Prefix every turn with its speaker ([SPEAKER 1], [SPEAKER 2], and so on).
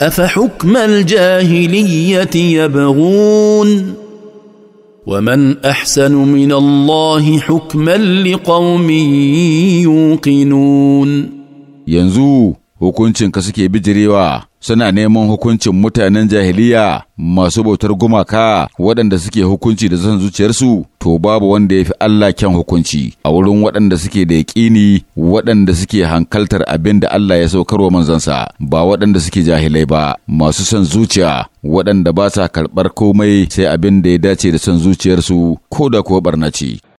[SPEAKER 1] أفحكم الجاهلية يبغون ومن أحسن من الله حكما لقوم يوقنون
[SPEAKER 2] ينزو hukuncin ka suke bijirewa suna neman hukuncin mutanen jahiliya masu bautar gumaka waɗanda suke hukunci da zan zuciyarsu to babu wanda ya fi Allah kyan hukunci a wurin waɗanda suke da yaƙini waɗanda suke hankaltar abin da Allah ya saukar wa manzansa ba waɗanda suke jahilai ba masu son zuciya waɗanda ba sa karɓar komai sai abin da ya dace da son zuciyarsu ko da kuwa barna ce.